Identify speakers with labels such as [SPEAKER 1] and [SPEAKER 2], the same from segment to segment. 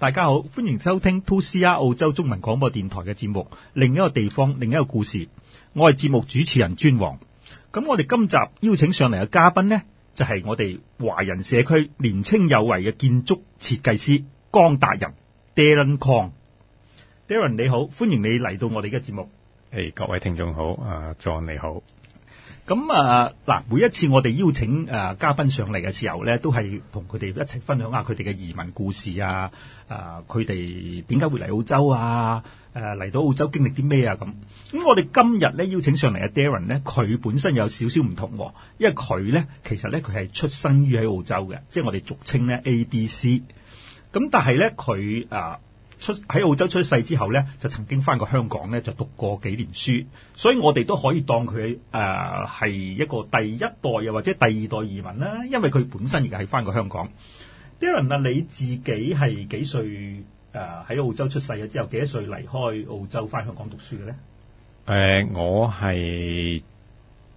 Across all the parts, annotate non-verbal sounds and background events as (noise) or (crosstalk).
[SPEAKER 1] 大家好，歡迎收聽 2CR 澳洲中文廣播電台嘅節目，另一個地方，另一個故事。我係節目主持人尊王。咁我哋今集邀請上嚟嘅嘉賓呢，就係、是、我哋華人社區年青有為嘅建築設計師江達仁 Darren Kwong。Darren 你好，歡迎你嚟到我哋嘅節目。誒、hey，各位聽眾好，啊，莊你好。咁啊嗱，每一次我哋邀請誒嘉賓上嚟嘅時候咧，都係同佢哋一齊分享下佢哋嘅移民故事啊！誒，佢哋點解會嚟澳洲啊？誒，嚟到澳洲經歷啲咩啊？咁咁，我哋今日咧邀請上嚟嘅 Darren 咧，佢本身有少少唔同，因為佢咧，其實咧，佢係出生於喺澳洲嘅，即係我哋俗稱咧 ABC。咁但係咧佢啊。出喺澳洲出世之後呢，就曾經翻過香港呢，就讀過幾年書，所以我哋都可以當佢誒係一個第一代又或者第二代移民啦，因為佢本身亦係翻過香港。Darren 啊，你自己係幾歲誒？喺澳洲出世嘅之後幾多歲離開澳洲翻香港讀書嘅呢？誒、
[SPEAKER 2] 呃，我係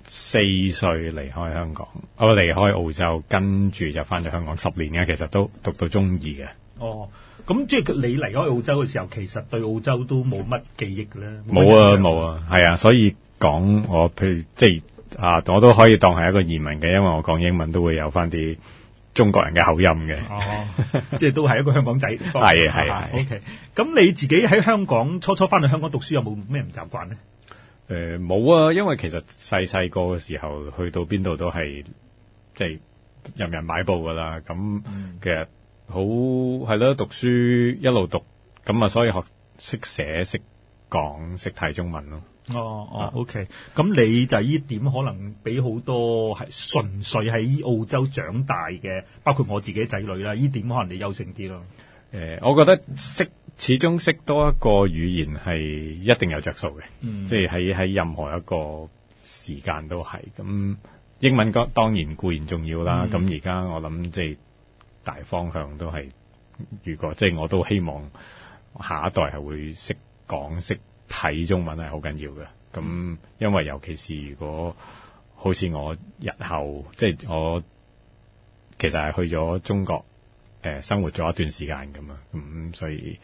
[SPEAKER 2] 四歲離開香港，我離開澳洲跟住就翻咗香港十年嘅，其實都讀到中二嘅。
[SPEAKER 1] 哦。咁即係你離開澳洲嘅時候，其實對澳洲都冇乜記憶呢？冇啊，
[SPEAKER 2] 冇啊，係啊，所以講我，譬如即係啊，我都可以當係一個移民嘅，因為我講英文都會有翻啲中國人嘅口音嘅。哦,
[SPEAKER 1] 哦， (laughs) 即係都係一個香港仔。係 (laughs) 啊，係 O K，咁你自己喺香港初初翻去香港讀書，有冇咩唔習慣呢？誒、呃，
[SPEAKER 2] 冇啊，因為其實細細個嘅時候去到邊度都係即係任人買布噶啦。咁、嗯、其實。好係咯，讀書一路讀咁啊，所以學識寫、識講、識睇中
[SPEAKER 1] 文咯。哦、oh, 哦，OK、啊。咁你就依點可能俾好多係純粹喺澳洲長大嘅，包括我自己仔女啦。依點可能你優勝啲咯。
[SPEAKER 2] 誒、呃，我覺得識始終識多一個語言係一定有着數嘅。Mm-hmm. 即係喺喺任何一個時間都係。咁英文當當然固然重要啦。咁而家我諗即係。大方向都係，如果即係我都希望下一代係會識講識睇中文係好緊要嘅。咁因為尤其是如果好似我日後即係我其實係去咗中國誒、呃、生活咗一段時間
[SPEAKER 1] 咁啊，咁所以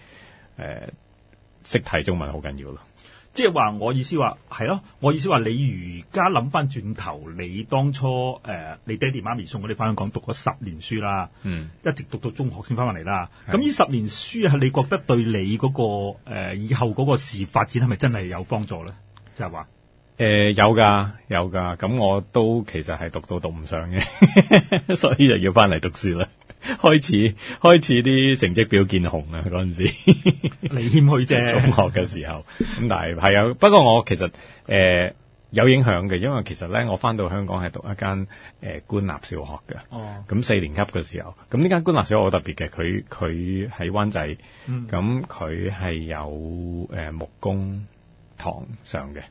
[SPEAKER 1] 誒識睇中文好緊要咯。即係話我意思話係咯，我意思話、啊、你而家諗翻轉頭，你當初誒、呃，你爹哋媽咪送我哋翻香港讀咗十年書啦，嗯，一直讀到中學先翻翻嚟啦。咁呢十年書啊，你覺得對你嗰、嗰個誒、呃、以後嗰個事發展係咪真係有幫助咧？即係話
[SPEAKER 2] 誒，有噶有噶，咁我都其實係讀到讀唔上嘅， (laughs) 所以就要翻嚟讀書啦。開始開始啲成績表見紅啊！嗰陣時，你謙虛啫。 (laughs) 中學嘅時候咁，但係係有不過我其實誒、呃、有影響嘅，因為其實咧我翻到香港係讀一間誒、呃、官立小學嘅哦。咁四年級嘅時候，咁呢間官立小學好特別嘅，佢佢喺灣仔，咁佢係有誒、呃、木工堂上嘅。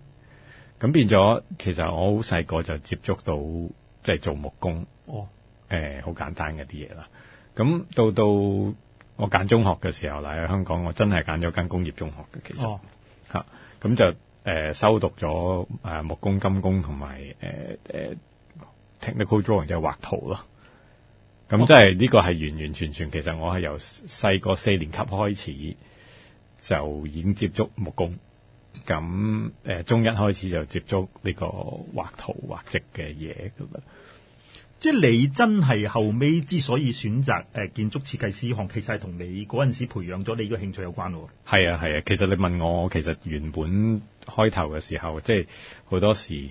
[SPEAKER 2] 咁變咗，其實我好細個就接觸到即係、就是、做木工哦。誒、呃，好簡單嘅啲嘢啦。咁到到我揀中學嘅時候，嚟香港我真係揀咗間工業中學嘅，其實吓，咁、oh. 就誒、呃、修讀咗誒、啊、木工、金工同埋誒誒 technical drawing 就係畫圖咯。咁即係呢個係完完全全，oh. 其實我係由細個四年級開始就已經接觸木工，咁
[SPEAKER 1] 誒、呃、中一開始就接觸呢個畫圖畫則嘅嘢咁啊。即係你真係後尾之所以選擇誒建築設計師行其實係同你嗰陣時培養咗你個興趣有關喎。
[SPEAKER 2] 係啊係啊，其實你問我，我其實原本開頭嘅時候，即係好多時誒、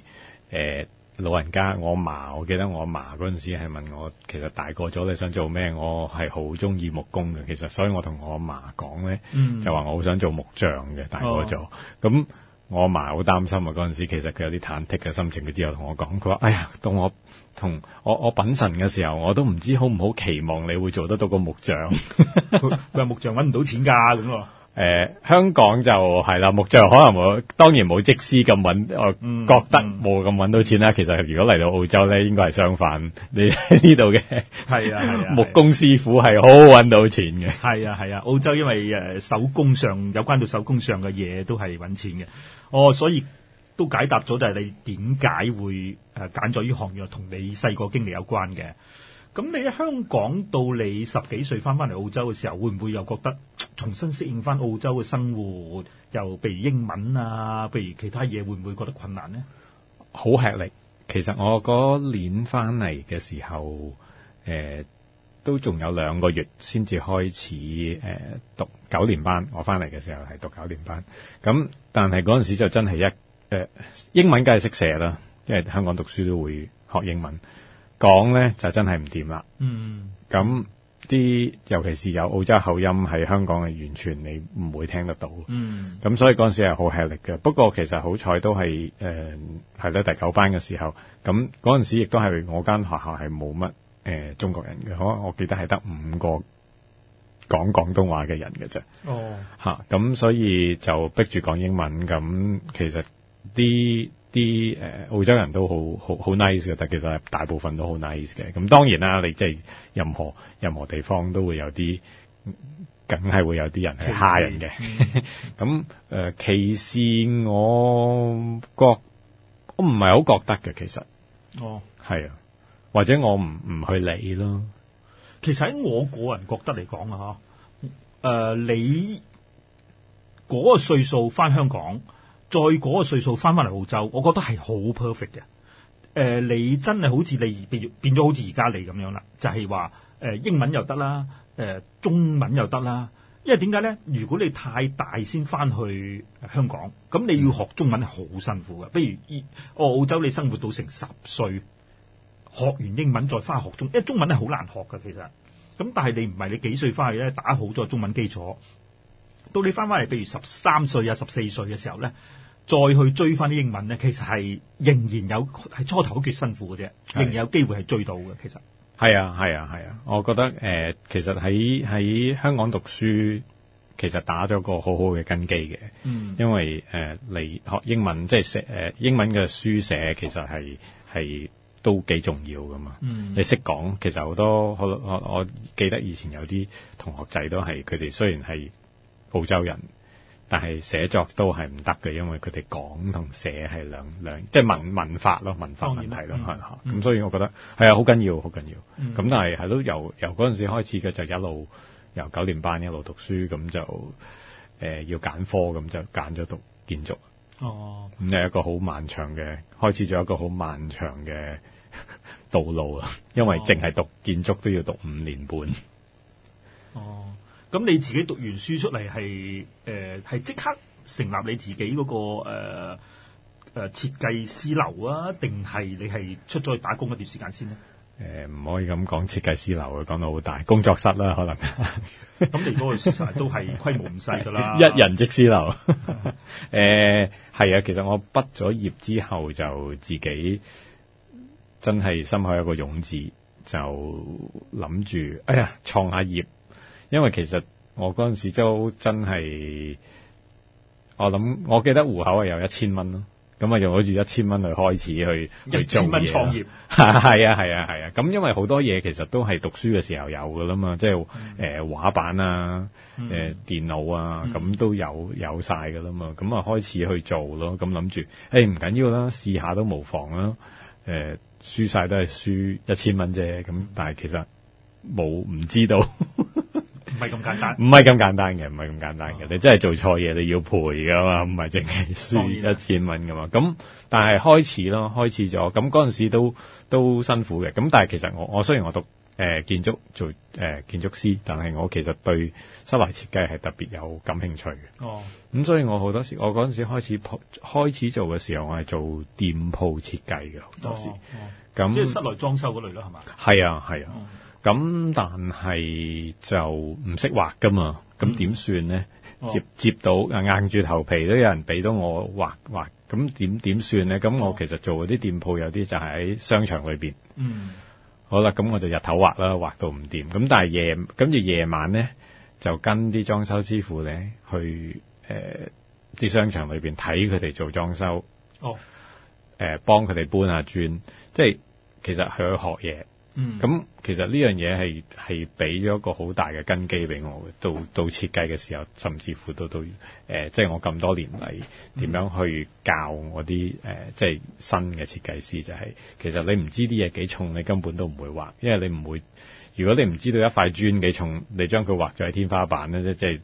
[SPEAKER 2] 呃、老人家，我阿嫲，我記得我阿嫲嗰陣時係問我，其實大個咗你想做咩？我係好中意木工嘅，其實所以我同我阿嫲講咧，就話我好想做木匠嘅。大個咗，咁、哦、我阿嫲好擔心啊。嗰陣時其實佢有啲忐忑嘅心情，佢之後同我講，佢話：哎呀，到我。同我我品神嘅時候，我都唔知好唔好期望你會做得到個木匠。
[SPEAKER 1] 佢話木匠揾唔到錢噶咁咯。
[SPEAKER 2] 誒，香港就係啦，木匠可能冇，當然冇則師咁揾，我覺得冇咁揾到錢啦。其實如果嚟到澳洲咧，應該係相反。你呢度嘅，
[SPEAKER 1] 係啊，木工師傅係好揾到錢嘅。係啊係啊，澳洲因為誒手工上有關到手工上嘅嘢都係揾錢嘅。哦，所以。都解答咗，就係你點解會揀咗呢行業同你細個經歷有關嘅。咁你喺香港到你十幾歲翻翻嚟澳洲嘅時候，會唔會又覺得重新適應翻澳洲嘅生活，又譬如英文啊，譬如其他嘢，會唔會覺得困難呢？
[SPEAKER 2] 好吃力。其實我嗰年翻嚟嘅時候，呃、都仲有兩個月先至開始、呃、讀九年班。我翻嚟嘅時候係讀九年班，咁但係嗰陣時就真係一。誒、uh,，英文梗係識寫啦，因為香港讀書都會學英文。講咧就真係唔掂啦。嗯、mm.，咁啲，尤其是有澳洲口音，係香港係完全你唔會聽得到。嗯，咁所以嗰陣時係好吃力嘅。不過其實好彩都係誒，係、呃、咧第九班嘅時候。咁嗰陣時亦都係我間學校係冇乜誒中國人嘅，可我記得係得五個講廣東話嘅人嘅啫。哦、oh. 啊，吓咁所以就逼住講英文，咁其實。啲啲誒澳洲人都好好好 nice 嘅，但其實大部分都好 nice 嘅。咁當然啦，你即係任何任何地方都會有啲，梗係會有啲人係蝦人嘅。咁誒歧視，我覺我唔係好覺得嘅，其實。哦，係啊，或者我唔唔去理咯。
[SPEAKER 1] 其實喺我個人覺得嚟講啊，嚇、呃，誒你嗰個歲數返香港。嗯再嗰個歲數翻翻嚟澳洲，我覺得係好 perfect 嘅。誒、呃，你真係好似你變咗，好似而家你咁樣啦，就係話，呃，英文又得啦，呃，中文又得啦。因為點解咧？如果你太大先翻去香港，咁你要學中文係好辛苦嘅。比如澳洲你生活到成十歲，學完英文再翻學中，因為中文係好難學㗎。其實咁，但係你唔係你幾歲翻去咧，打好咗中文基礎，到你翻翻嚟，譬如十三歲啊、十四歲嘅時候咧。再去追翻啲英文咧，其實係仍然有係初頭好幾辛苦嘅啫、啊，仍然有機會係追到嘅。其實
[SPEAKER 2] 係啊，係啊，係啊！我覺得誒、呃，其實喺喺香港讀書，其實打咗個好好嘅根基嘅。嗯，因為誒嚟、呃、學英文，即係寫誒英文嘅書寫、哦嗯，其實係係都幾重要噶嘛。你識講，其實好多好我我記得以前有啲同學仔都係佢哋雖然係澳洲人。但係寫作都係唔得嘅，因為佢哋講同寫係兩兩，即係文文法咯，文法問題咯，係、哦、嘛？咁、嗯嗯嗯嗯、所以我覺得係啊，好、嗯、緊要，好緊要。咁、嗯、但係係都由由嗰陣時開始嘅，就一路由九年班一路讀書，咁就誒、呃、要揀科，咁就揀咗讀建築。哦，咁、嗯、係一個好漫長嘅，開始咗一個好漫長嘅道路啊！因為淨、哦、係讀建築都要讀五年半。
[SPEAKER 1] 哦。咁你自己讀完書出嚟，係、呃、誒，係即刻成立你自己嗰、那個誒誒設計師樓啊？定係你係出咗去打工一段時間先咧？
[SPEAKER 2] 誒、呃，唔可以咁講設計師樓，講到好大工作室啦，可能。
[SPEAKER 1] 咁 (laughs) 你嗰個都係規模唔細噶啦， (laughs) 一人
[SPEAKER 2] 則師樓。誒、 (laughs) 呃，係啊，其實我畢咗業之後就自己真係心口有個勇字，就諗住，哎呀，創下業。因為其實我嗰陣時都真係，我諗我記得戶口係有一千蚊咯，咁啊用咗住一千蚊去開始去去做嘢創業，係啊係啊係啊，咁、啊啊啊啊、因為好多嘢其實都係讀書嘅時候有噶啦嘛，即係誒畫板啊，誒、呃、電腦啊，咁都有有晒噶啦嘛，咁、嗯、啊開始去做咯，咁諗住誒唔緊要啦，試下都無妨啦，誒輸晒都係輸一千蚊啫，咁但係其實冇唔知道。 (laughs)
[SPEAKER 1] 唔係咁簡單，唔係
[SPEAKER 2] 咁簡單嘅，唔係咁簡單嘅、啊。你真係做錯嘢，你要賠㗎嘛？唔係淨係輸一千蚊㗎嘛？咁、啊、但係開始咯，開始咗，咁嗰陣時候都都辛苦嘅。咁但係其實我我雖然我讀誒、呃、建築做誒、呃、建築師，但係我其實對室內設計係特別有感興趣嘅。哦，咁所以我好多時我嗰陣時開始鋪開始做嘅時候，我係做店鋪設計嘅好多時。咁、哦、即係室
[SPEAKER 1] 內裝修嗰類咯，係嘛？
[SPEAKER 2] 係啊，係啊。嗯咁但係就唔識畫噶嘛，咁點算咧？接接到硬住頭皮都有人俾到我畫畫，咁點點算咧？咁我其實做啲店鋪有啲就喺商場裏邊。嗯，好啦，咁我就日頭畫啦，畫到唔掂。咁但係夜跟住夜晚咧，就跟啲裝修師傅咧去誒啲、呃、商場裏邊睇佢哋做裝修。哦，誒、呃，幫佢哋搬下磚，即、就、係、是、其實佢去學嘢。嗯，咁其實呢樣嘢係係俾咗一個好大嘅根基俾我嘅，到到設計嘅時候，甚至乎到到誒，即係我咁多年嚟點樣去教我啲誒，即係新嘅設計師，就係其實你唔知啲嘢幾重，你根本都唔會畫，因為你唔會，如果你唔知道一塊磚幾重，你將佢畫咗喺天花板咧，即係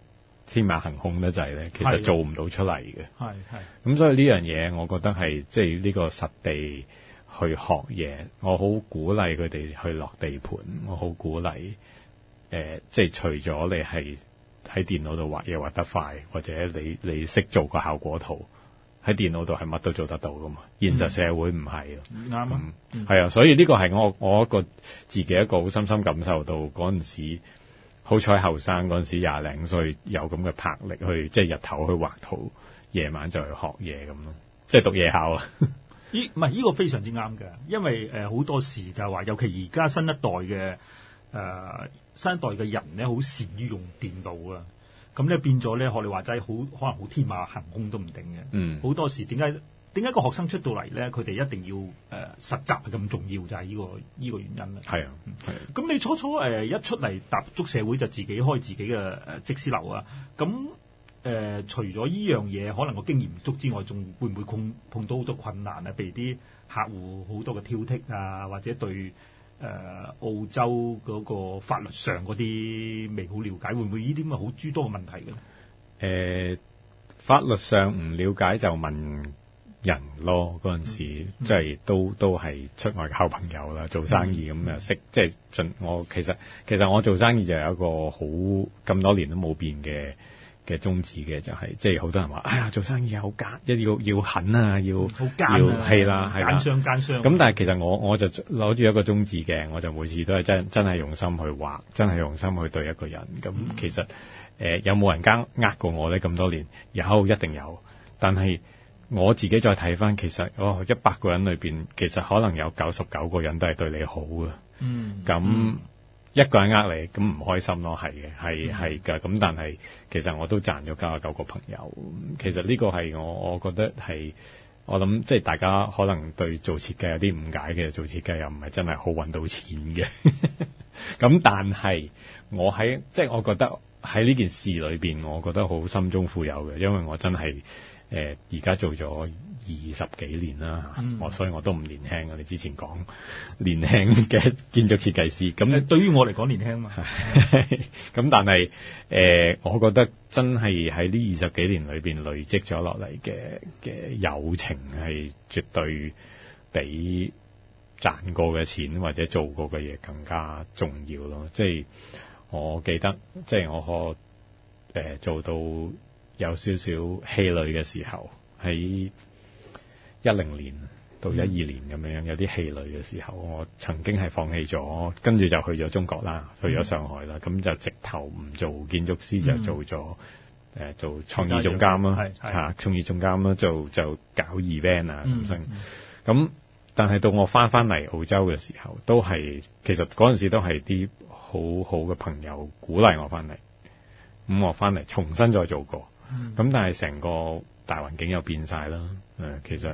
[SPEAKER 2] 天馬行空得滯咧，其實做唔到出嚟嘅。係係，咁所以呢樣嘢，我覺得係即係呢個實地。去學嘢，我好鼓勵佢哋去落地盤，我好鼓勵，誒、呃，即係除咗你係喺電腦度畫嘢畫得快，或者你你識做個效果圖，喺電腦度係乜都做得到噶嘛，現實社會唔係
[SPEAKER 1] 啊，啱、嗯、啊，係、嗯
[SPEAKER 2] 嗯嗯嗯、啊，所以呢個係我我一個自己一個好深深感受到嗰陣時，好彩後生嗰陣時廿零歲有咁嘅魄力去，即係日頭去畫圖，夜晚就去學嘢咁咯，即係讀夜校啊。 (laughs)
[SPEAKER 1] 呢唔係個非常之啱嘅，因為誒好、呃、多時就係話，尤其而家新一代嘅誒、呃、新一代嘅人咧，好善於用電腦啊，咁、嗯、咧、嗯、變咗咧學你話齋，好可能好天馬行空都唔定嘅。嗯，好多時點解點解個學生出到嚟咧，佢哋一定要誒、呃、實習係咁重要就係、是、呢、這個呢、這個原因啦。係
[SPEAKER 2] 啊，係、啊。咁、
[SPEAKER 1] 啊嗯啊、你初初、呃、一出嚟踏足社會就自己開自己嘅誒職士樓啊？咁、嗯。誒、呃，除咗呢樣嘢，可能我經驗唔足之外，仲會唔會碰碰到好多困難咧、啊？譬如啲客戶好多嘅挑剔啊，或者對誒、呃、澳洲嗰個法律上嗰啲未好了解，會唔會呢啲咁好諸多嘅問題嘅、啊、咧？
[SPEAKER 2] 誒、呃，法律上唔了解就問人咯。嗰陣時即係、嗯就是、都都係出外靠朋友啦，做生意咁啊、嗯嗯嗯嗯嗯嗯，識即係盡我其實其實我做生意就有一個好咁多年都冇變嘅。嘅宗旨嘅，就係、是，即係好多人話，哎呀，做生意好奸，一要要狠啊，要好奸啊，係啦，係啦，奸商奸商。咁但係其實我我就攞住一個宗旨嘅，我就每次都係真、嗯、真係用心去畫，真係用心去對一個人。咁其實、呃、有冇人奸呃過我呢？咁多年有一定有，但係我自己再睇翻，其實哦一百個人裏面，其實可能有九十九個人都係對你好嘅。嗯，咁。嗯一個人呃，你咁唔開心咯、啊，係嘅，係係噶。咁但係其實我都賺咗九十九個朋友。其實呢個係我我覺得係我諗，即係大家可能對做設計有啲誤解嘅。做設計又唔係真係好搵到錢嘅。咁 (laughs) 但係我喺即係我覺得喺呢件事裏邊，我覺得好心中富有嘅，因為我真係誒而家做咗。二十幾年啦，我、嗯、所以我都唔年輕啊！你之前講年輕嘅建築設計師，咁、嗯、對於我嚟講年輕嘛，咁 (laughs) 但係誒、呃，我覺得真係喺呢二十幾年裏面累積咗落嚟嘅嘅友情係絕對比賺過嘅錢或者做過嘅嘢更加重要咯。即係我記得，即係我可、呃、做到有少少氣餒嘅時候喺。一零年到一二年咁樣，嗯、有啲氣餒嘅時候，我曾經係放棄咗，跟住就去咗中國啦，去咗上海啦，咁、嗯、就直頭唔做建築師，嗯、就做咗、呃、做創意總監啦、嗯嗯嗯，創意總監啦，做就搞 event 啊咁樣，咁但係到我翻翻嚟澳洲嘅時候，都係其實嗰陣時都係啲好好嘅朋友鼓勵我翻嚟，咁我翻嚟重新再做過，咁、嗯、但係成個。大環境又變晒啦，誒，其實誒、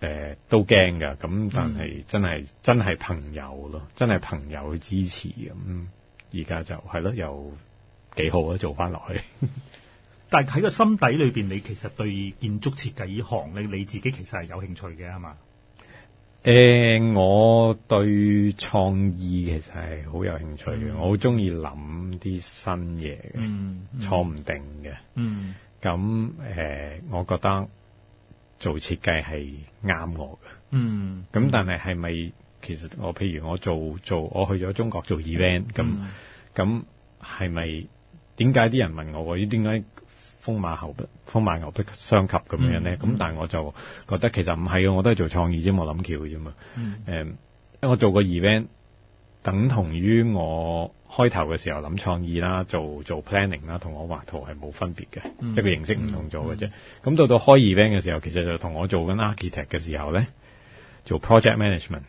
[SPEAKER 2] 嗯呃、都驚噶咁但係真係、嗯、真係朋友咯，真係朋友嘅支持咁，而、嗯、家就係咯，又幾好啊，做翻落去。
[SPEAKER 1] 但係喺個心底裏邊，你其實對建築設計行，你你自己其實係有興趣嘅係嘛？
[SPEAKER 2] 誒、呃，我對創意其實係好有興趣嘅，嗯、我好中意諗啲新嘢嘅，嗯嗯、坐唔定嘅。嗯咁誒、呃，我覺得做設計係啱我嘅。嗯，咁但係係咪其實我譬如我做做我去咗中國做 event 咁咁係咪點解啲人問我？咦，點解風馬牛不風馬牛不，不相及咁樣咧？咁、嗯、但我就覺得其實唔係嘅，我都係做創意啫，我諗橋嘅啫嘛。誒、嗯嗯，我做過 event。等同於我開頭嘅時候諗創意啦，做做 planning 啦，同我畫圖係冇分別嘅、嗯，即係形式唔同咗嘅啫。咁、嗯嗯、到到開 event 嘅時候，其實就同我做緊 architect 嘅時候咧，做 project management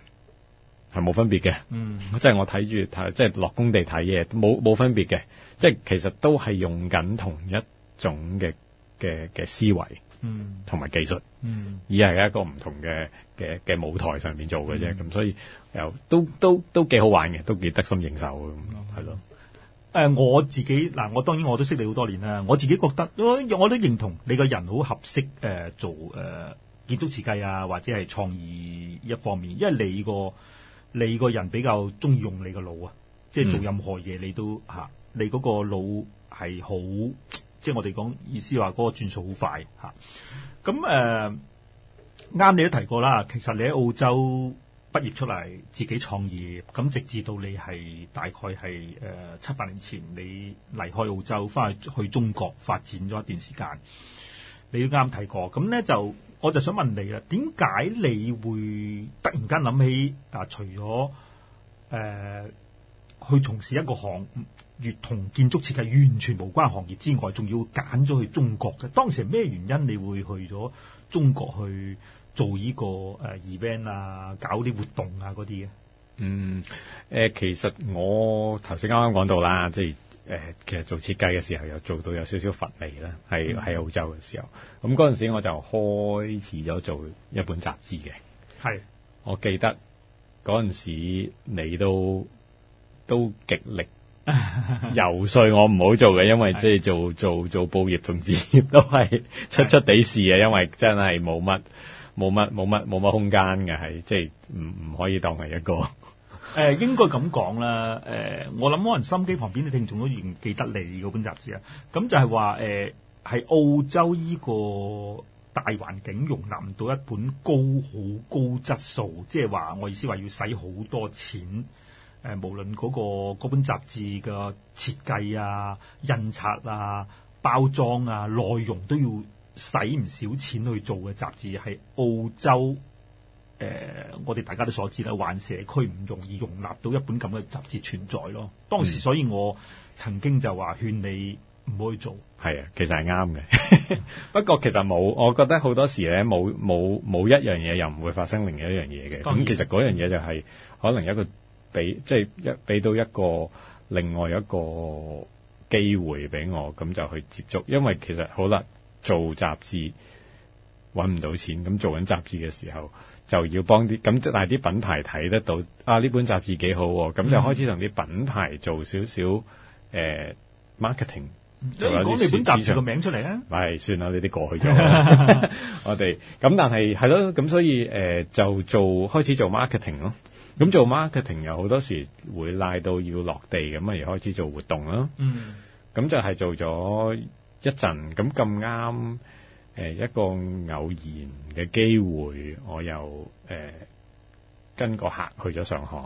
[SPEAKER 2] 係冇分別嘅。嗯，即係我睇住睇，即係落工地睇嘢，冇冇分別嘅。即係其實都係用緊同一種嘅嘅嘅思維。嗯，同埋技術，嗯，而係一個唔同嘅嘅嘅舞台上面做嘅啫，咁、嗯、所以又都都都幾好玩嘅，都幾得心應手咁，係、嗯、
[SPEAKER 1] 咯。誒、呃，我自己嗱、呃，我當然我都識你好多年啦，我自己覺得，我，我都認同你個人好合適誒、呃、做誒、呃、建築設計啊，或者係創意一方面，因為你個你個人比較中意用你個腦啊，即、嗯、係、就是、做任何嘢你都吓、啊，你嗰個腦係好。即係我哋講意思話嗰個轉數好快嚇，咁誒啱你都提過啦。其實你喺澳洲畢業出嚟自己創業，咁直至到你係大概係七八年前你離開澳洲，翻去去中國發展咗一段時間。你都啱提過，咁咧就我就想問你啦，點解你會突然間諗起啊、呃？除咗誒、呃、去從事一個行，越同建築設計完全無關行業之外，仲要揀咗去中國嘅。當時咩原因你會去咗中國去做呢個誒 event 啊，搞啲活動啊嗰啲
[SPEAKER 2] 嘅？嗯誒、呃，其實我頭先啱啱講到啦，即係誒、呃，其實做設計嘅時候又做到有少少乏味啦，係、嗯、喺澳洲嘅時候。咁嗰陣時我就開始咗做一本雜誌嘅。係、嗯，我記得嗰陣時你都，都極力。游 (laughs) 說我唔好做嘅，因為即係做做做，做報業同事業都係出出地事啊！因為真係冇乜冇乜冇乜冇乜空間嘅，係即係唔唔可以當係一個。 (laughs) 誒、
[SPEAKER 1] 呃，應該咁講啦。誒、呃，我諗可能心機旁邊嘅聽眾都仲記得你嗰本雜誌啊。咁就係話誒，係、呃、澳洲呢個大環境容納唔到一本高好高質素，即係話我意思話要使好多錢。誒、呃，無論嗰、那個嗰本雜誌嘅設計啊、印刷啊、包裝啊、內容都要使唔少錢去做嘅雜誌，係澳洲誒、呃，我哋大家都所知啦，環社區唔容易容納到一本咁嘅雜誌存在咯。當時所以我曾經就話勸你唔好去做。
[SPEAKER 2] 係啊，其實係啱嘅。 (laughs) 不過其實冇，我覺得好多時咧冇冇冇一樣嘢又唔會發生另一樣嘢嘅。咁其實嗰樣嘢就係可能有一個。俾即係一俾到一個另外一個機會俾我，咁就去接觸。因為其實好啦，做雜誌搵唔到錢，咁做緊雜誌嘅時候就要幫啲咁，但係啲品牌睇得到啊，呢本雜誌幾好，咁就開始同啲品牌做少少誒 marketing、嗯。你講你本雜誌個名出嚟啦，咪，係算啦，你啲過去咗， (laughs) (laughs) 我哋咁，但係係咯，咁所以誒、呃、就做開始做 marketing 咯。咁做 marketing 又好多時會拉到要落地咁啊，又開始做活動啦。咁、嗯、就係做咗一陣，咁咁啱一個偶然嘅機會，我又誒、呃、跟個客去咗上海。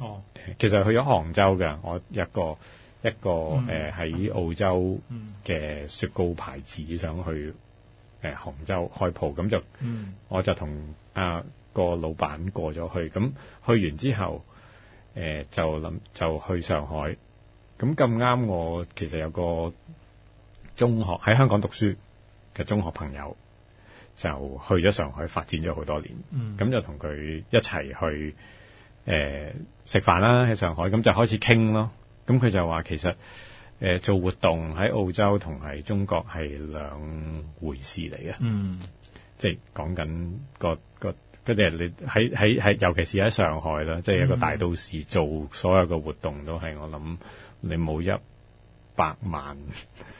[SPEAKER 2] 哦，其實去咗杭州嘅，我一個一個誒喺、嗯呃、澳洲嘅雪糕牌子想去、呃、杭州開鋪，咁就、嗯、我就同啊。個老闆過咗去了，咁去完之後，誒、呃、就諗就去上海，咁咁啱我其實有個中學喺香港讀書嘅中學朋友，就去咗上海發展咗好多年，咁就同佢一齊去，誒、呃、食飯啦喺上海，咁就開始傾咯，咁佢就話其實，誒、呃、做活動喺澳洲同係中國係兩回事嚟嘅。嗯，即係講緊個個個佢哋你喺喺喺，尤其是喺上海啦，即係一個大都市，做所有嘅活動都係我諗，你冇一百萬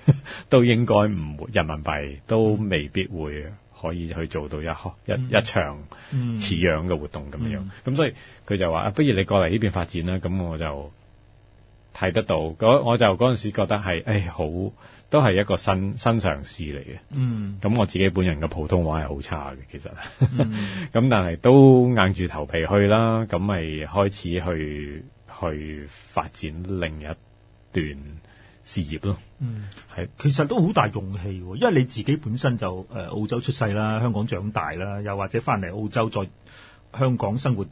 [SPEAKER 2] (laughs) 都應該唔人民幣都未必會可以去做到一、嗯、一一,一場似樣嘅活動咁樣。咁、嗯、所以佢就話啊，不如你過嚟呢邊發展啦。咁我就睇得到，我就嗰陣時覺得係誒、哎、好。都係一個新新嘗試嚟嘅。咁、嗯、我自己本人嘅普通話係好差嘅，其實。咁、嗯、 (laughs) 但係都硬住頭皮去啦，咁咪開始去去發展另一段事業咯，
[SPEAKER 1] 係、嗯，其實都好大勇氣，因為你自己本身就誒澳洲出世啦，香港長大啦，又或者翻嚟澳洲再香港生活。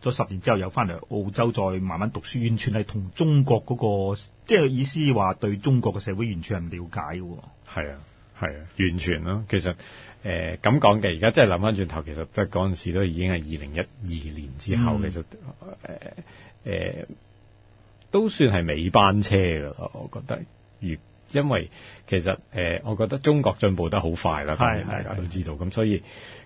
[SPEAKER 1] 咗十年之後又翻嚟澳洲再慢慢讀書，完全係同中國嗰、那個即係、就是、意思話對中國嘅社會完全係唔了解喎。係啊，
[SPEAKER 2] 係啊，完全咯、啊。其實誒咁講嘅，而家真係諗翻轉頭，其實即係嗰陣時都已經係二零一二年之後，嗯、其實誒誒、呃呃、都算係尾班車噶咯。我覺得，因為其實誒、呃，我覺得中國進步得好快啦，當然大家都知道。咁所以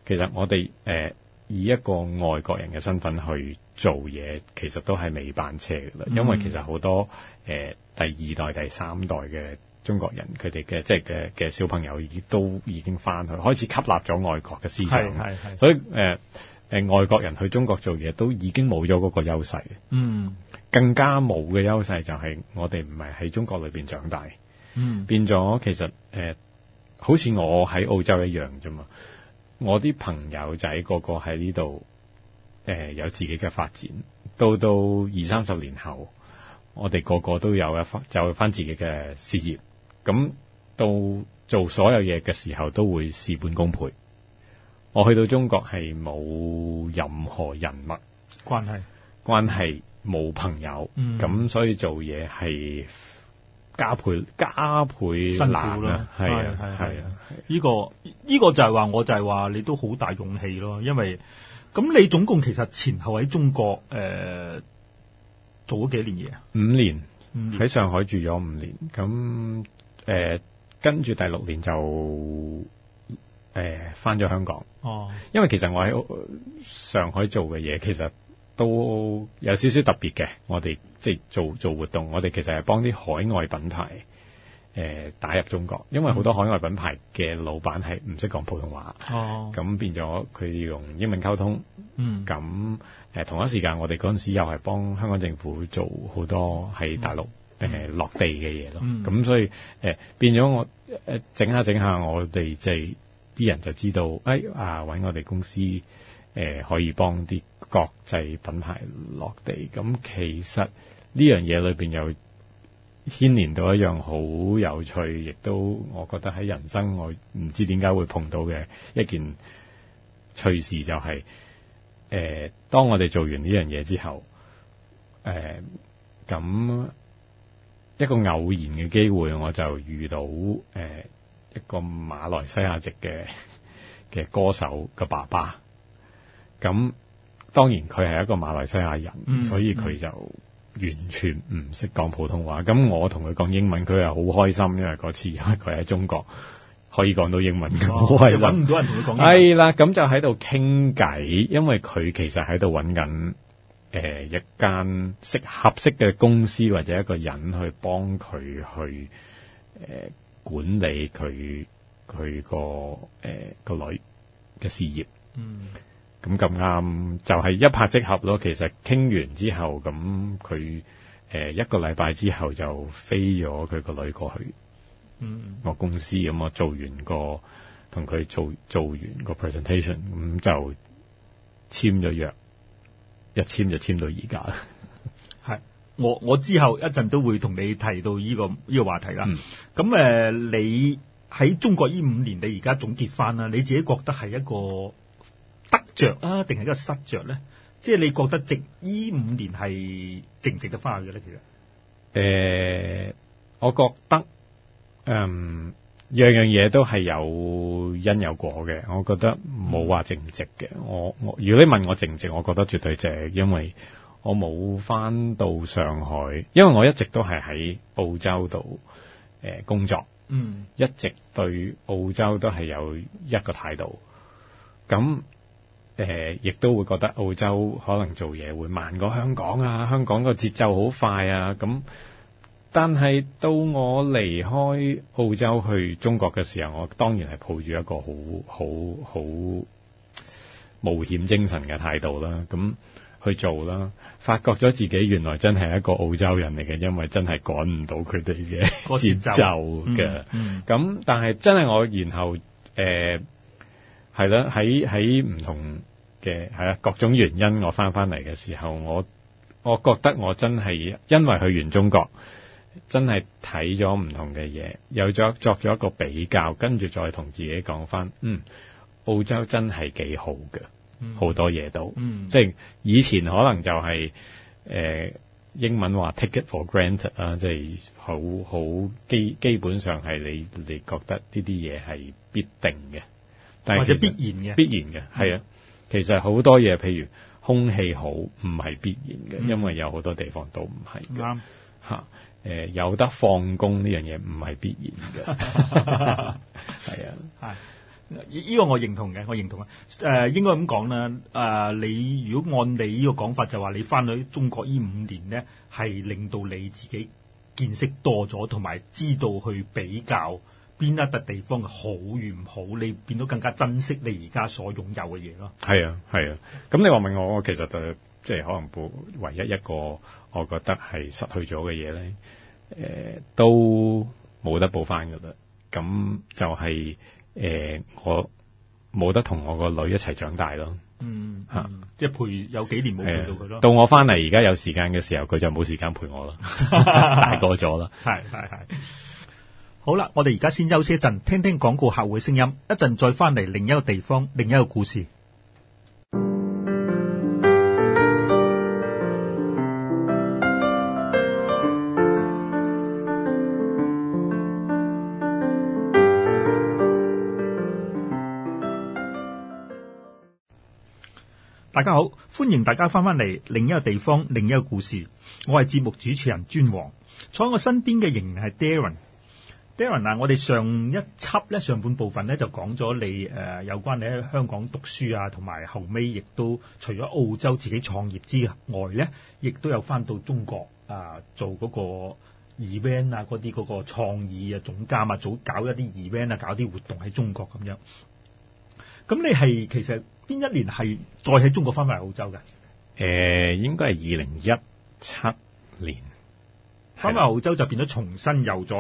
[SPEAKER 2] 其實我哋誒。呃以一個外國人嘅身份去做嘢，其實都係尾班車啦、嗯。因為其實好多誒、呃、第二代、第三代嘅中國人，佢哋嘅即係嘅嘅小朋友，已都已經翻去，開始吸納咗外國嘅思想。係係。所以誒誒、呃呃呃，外國人去中國做嘢都已經冇咗嗰個優勢。嗯，更加冇嘅優勢就係我哋唔係喺中國裏邊長大。嗯，變咗其實誒、呃，好似我喺澳洲一樣啫嘛。我啲朋友仔個個喺呢度，誒、呃，有自己嘅發展。到到二三十年後，我哋個個都有一翻，就翻自己嘅事業。咁到做所有嘢嘅時候，都會事半功倍。我去到中國係冇任何人脈關係，關係冇朋友，咁、嗯、所以做嘢係。加倍加倍辛苦啦，係啊係啊，呢、啊啊啊啊啊呢
[SPEAKER 1] 個依、呢個就係話，我就係話你都好大勇氣咯，因為咁你總共其實前後喺中國誒、呃、做咗幾年嘢啊？
[SPEAKER 2] 五年，喺上海住咗五年，咁誒跟住第六年就誒翻咗香港。哦，因為其實我喺、嗯、上海做嘅嘢其實。都有少少特別嘅，我哋即係做做活動，我哋其實係幫啲海外品牌誒、呃、打入中國，因為好多海外品牌嘅老闆係唔識講普通話，咁、嗯、變咗佢要用英文溝通。咁、嗯呃、同一時間，我哋嗰陣時又係幫香港政府做好多喺大陸誒、嗯呃、落地嘅嘢咯。咁、嗯、所以、呃、變咗我、呃、整下整下我、就是，我哋即係啲人就知道，哎啊揾我哋公司誒、呃、可以幫啲。國際品牌落地，咁其實呢樣嘢裏邊又牽連到一樣好有趣，亦都我覺得喺人生我唔知點解會碰到嘅一件趣事、就是，就係誒，當我哋做完呢樣嘢之後，誒、呃，咁一個偶然嘅機會，我就遇到誒、呃、一個馬來西亞籍嘅嘅歌手嘅爸爸，咁。當然佢係一個馬來西亞人，嗯，所以佢就完全唔識講普通話。咁、嗯、我同佢講英文，佢又好開心，因為嗰次因為佢喺中國可以講到英文嘅，我係揾唔到人同佢講。係啦，咁就喺度傾偈，因為佢其實喺度揾緊誒一間適合適嘅公司或者一個人去幫佢去誒、呃、管理佢佢個誒個、呃、女嘅事業。嗯。咁咁啱就係、是、一拍即合咯。其實傾完之後，咁佢誒一個禮拜之後就飛咗佢個女過去。嗯，我公司咁我做完個同佢做做完個 presentation，咁就簽咗約，一簽就簽到而家。
[SPEAKER 1] 係我我之後一陣都會同你提到呢、這個呢、這個話題啦。咁、嗯、誒、呃，你喺中國呢五年，你而家總結翻啦，你自己覺得係一個着啊，定係一個失着咧？即係你覺得值？依五年係值唔值得翻去嘅咧？其實，
[SPEAKER 2] 誒，我覺得，嗯，樣樣嘢都係有因有果嘅。我覺得冇話值唔值嘅，嗯。我我如果你問我值唔值，我覺得絕對值，因爲我冇翻到上海，因爲我一直都係喺澳洲度誒工作，嗯，一直對澳洲都係有一個態度，咁。誒、呃，亦都會覺得澳洲可能做嘢會慢過香港啊，香港個節奏好快啊，咁、嗯。但係到我離開澳洲去中國嘅時候，我當然係抱住一個好好好冒險精神嘅態度啦，咁、嗯、去做啦。發覺咗自己原來真係一個澳洲人嚟嘅，因為真係趕唔到佢哋嘅節奏嘅。咁、 (laughs) 嗯嗯嗯，但係真係我然後誒。呃係啦，喺喺唔同嘅係啦，各種原因我翻翻嚟嘅時候，我我覺得我真係因為去完中國，真係睇咗唔同嘅嘢，有咗作咗一個比較，跟住再同自己講翻，嗯，澳洲真係幾好嘅，好、mm -hmm. 多嘢都，mm -hmm. 即係以前可能就係、是、誒、呃、英文話 take it for granted 即係好好基基本上係你你覺得呢啲嘢係必定嘅。但或者是必然嘅，必然嘅，係啊、嗯。其實好多嘢，譬如空氣好，唔係必然嘅，嗯，因為有好多地方都唔係。啱、嗯，吓，誒，有得放工呢樣嘢唔係必然嘅，係啊。
[SPEAKER 1] 係，呢，這個我認同嘅，我認同啊。誒、呃，應該咁講啦，誒、呃，你如果按你呢個講法，就話你翻去中國呢五年咧，係令到你自己見識多咗，同埋知道去比較。邊一笪地方好與唔好，你變到更加珍惜你而家所擁有嘅嘢咯。
[SPEAKER 2] 係啊，係啊。咁你話問我，我其實就，即係可能補唯一一個，我覺得係失去咗嘅嘢咧。誒、呃，都冇得補翻噶啦。咁就係、是、誒、呃，我冇得同我個女一齊長大咯。嗯、吓、嗯
[SPEAKER 1] 啊，即係陪，有幾年冇陪到佢咯、啊。到我翻嚟
[SPEAKER 2] 而家有時間嘅時候，佢就冇時間陪我啦。 (laughs) (laughs) 大個咗啦，係
[SPEAKER 1] 系係。是是好啦，我哋而家先休息一陣，聽聽廣告客戶嘅聲音。一陣再翻嚟另一個地方，另一個故事。大家好，歡迎大家翻翻嚟另一個地方，另一個故事。我係節目主持人尊王坐喺我身邊嘅，仍然係 Darren Darren 嗱，我哋上一輯咧上半部分咧就講咗你誒有關你喺香港讀書啊，同埋後尾亦都除咗澳洲自己創業之外咧，亦都有翻到中國啊做嗰個 event 啊，嗰啲嗰個創意啊總監啊，早搞一啲 event 啊，搞啲活動喺中國咁樣。咁你係其實邊一年係再喺中國翻返嚟澳洲嘅？
[SPEAKER 2] 誒、呃，應該係二零一七年
[SPEAKER 1] 翻翻澳洲就變咗重新又再。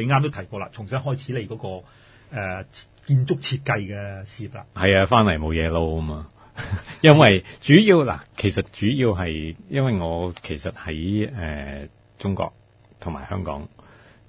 [SPEAKER 1] 你啱都提過啦，重新開始你嗰、那個誒、呃、建築設計嘅事業啦。
[SPEAKER 2] 係啊，翻嚟冇嘢撈啊嘛， (laughs) 因為主要嗱，其實主要係因為我其實喺誒、呃、中國同埋香港